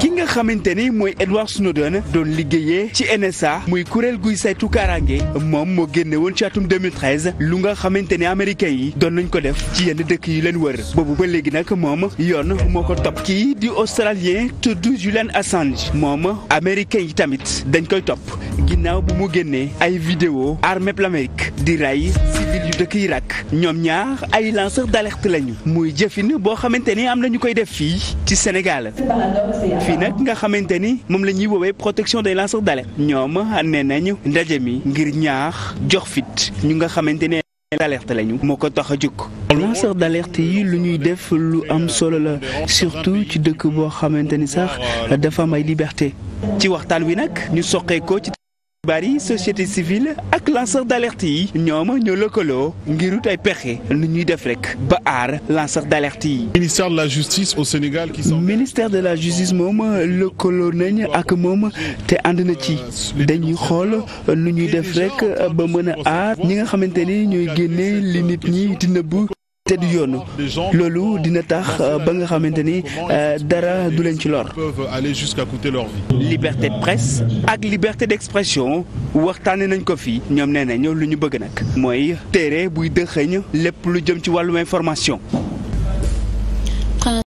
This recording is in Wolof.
ki nga xamante ni mooy Edward Snowden doon liggéeyee ci NSA muy kuréel guy saytu kaaraange moom moo génne woon ci atum 2013 lu nga xamante ni américains yi doon nañ ko def ci yenn dëkk yi leen wër boobu ba léegi nag moom yoon moo ko topp kii di australien tudd Julian Assange moom américains yi tamit dañ koy topp ginnaaw bu mu génnee ay vidéo armée l'Amérique di ray civil yu dëkk Irak ñoom ñaar ay lanceur d'alerte lañu muy jëfin boo xamante ni am nañu koy def fii ci Sénégal fii nag nga xamante ni moom la ñuy woowee protection des lanceurs d'alerte ñoom nee nañu ndaje mi ngir ñaax jox fit ñu nga xamante ne alerte lañu moo ko tax a jóg lanceur d'alerte yi lu ñuy def lu am solo la surtout ci dëkk boo xamante ni sax dafa may ay liberté ci waxtaan wi nag ñu soqee ko ci bari société civile ak lanceur d'alerte yi ñoom ñoo lëkkaloo ngir wut pexe nu ñuy def rek ba aar lanceur d'alerte yi. ministère de la justice au Sénégal qui ministère de la justice moom lëkkaloo nañ ak moom te ànd na ci dañuy xool nu ñuy def rek ba mën a aar ñi nga xamante ni ñooy génne li nit ñi di nëbb te du yoon loolu dina tax euh, ba nga xamante ni euh, dara du leen ci lor. liberté de presse ak liberté d'expression waxtaane nañ ko fii ñoom nee na ñëw lu ñu bëgg nag mooy téere buy dëxëñ lépp lu jëm ci wàllu information.